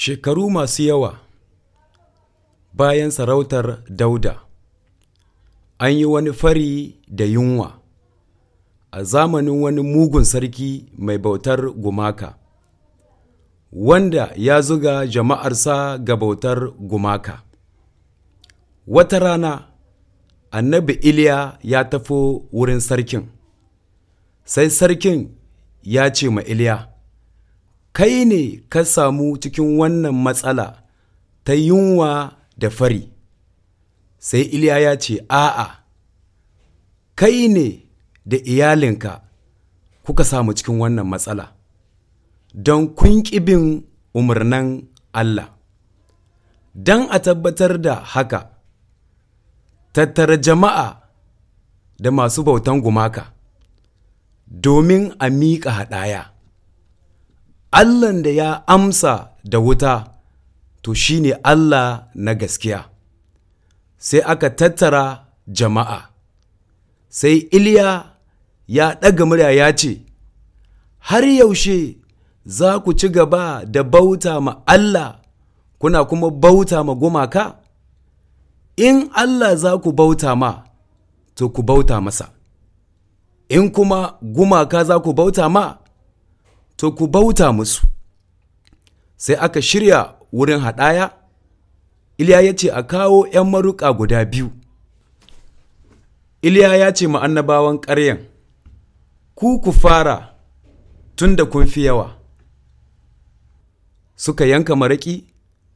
Shekaru masu yawa bayan sarautar Dauda, an yi wani fari da yunwa a zamanin wani mugun sarki mai bautar gumaka, wanda ya zuga jama'arsa ga bautar gumaka. Wata rana, annabi Iliya ya tafi wurin sarkin, sai sarkin ya ce ma Iliya, kai ne ka samu cikin wannan matsala ta yunwa da fari sai iliya ya ce a'a kai ne da iyalinka kuka samu cikin wannan matsala don kun bin umarnan Allah don a tabbatar da haka tattara jama'a da masu bautan gumaka domin a miƙa haɗaya Allahn da ya amsa da wuta to shi ne Allah na gaskiya. Sai aka tattara jama'a, sai Iliya ya ɗaga murya ya ce, Har yaushe za ku ci gaba da bauta ma Allah kuna kuma bauta ma gumaka? In Allah za ku bauta ma, to ku bauta masa, in kuma gumaka za ku bauta ma, to ku bauta musu sai aka shirya wurin haɗaya iliya ya ce a kawo ‘yan maruƙa guda biyu iliya ya ce annabawan ƙaryan ku ku fara tun da kun fi yawa suka yanka maraƙi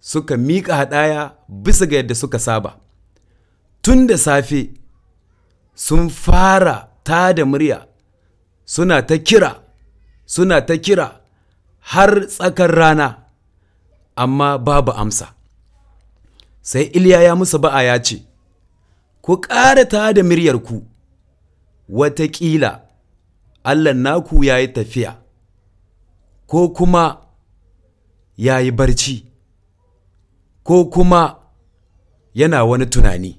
suka miƙa haɗaya bisa ga yadda suka saba tun da safe sun fara ta da murya suna ta kira suna ta kira har tsakar rana amma babu amsa sai iliya ya musu ba'a ya ce ku ƙara ta da muryarku. wataƙila allah naku ya yi tafiya ko kuma ya yi barci ko kuma yana wani tunani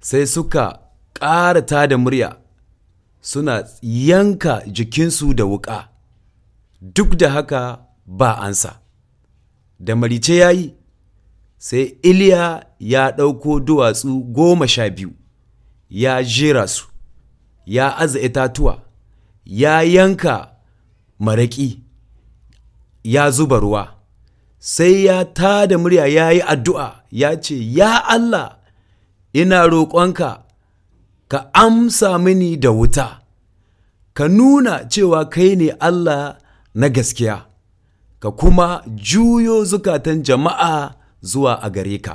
sai suka ƙara ta da murya suna yanka jikinsu da wuƙa duk da haka ba ansa da marice ya yi sai iliya ya ɗauko duwatsu goma sha biyu ya jera su ya aza itatuwa ya yanka maraƙi ya zuba ruwa sai ya tada murya ya yi addu'a ya ce ya Allah ina roƙonka ka amsa mini da wuta ka nuna cewa kai ne Allah na gaskiya ka kuma juyo zukatan jama'a zuwa a gare ka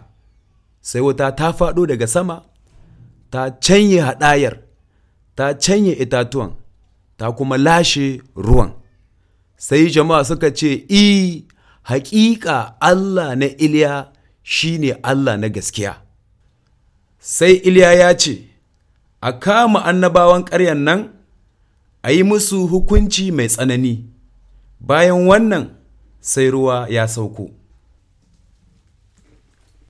sai wuta ta faɗo daga sama ta canye haɗayar ta canye itatuwan ta kuma lashe ruwan sai jama'a suka ce i haƙiƙa Allah na Iliya shi ne Allah na gaskiya sai Iliya ya ce a kama annabawan ƙaryan nan a yi musu hukunci mai tsanani bayan wannan sai ruwa ya sauko